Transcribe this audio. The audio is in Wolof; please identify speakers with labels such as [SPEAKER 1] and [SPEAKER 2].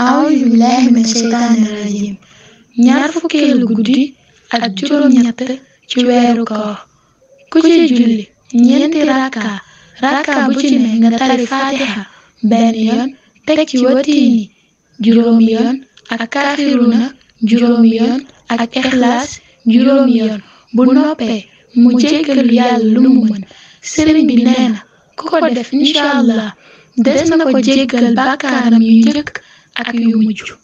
[SPEAKER 1] أعوذ بالله من الشيطان الرجيم ñaar fukkeelu guddi ak juróom ñett ci weeru koor ku ci julli ñeenti rakka
[SPEAKER 2] rakka bu ci ne nga tari
[SPEAKER 1] fatiha benn yoon teg ci watiini juróom ak kafiruna juróom yoon ak ixlaas juróom yoon bu noppee mu jéggalu ya allah des na ko jéggal
[SPEAKER 3] a que mucho.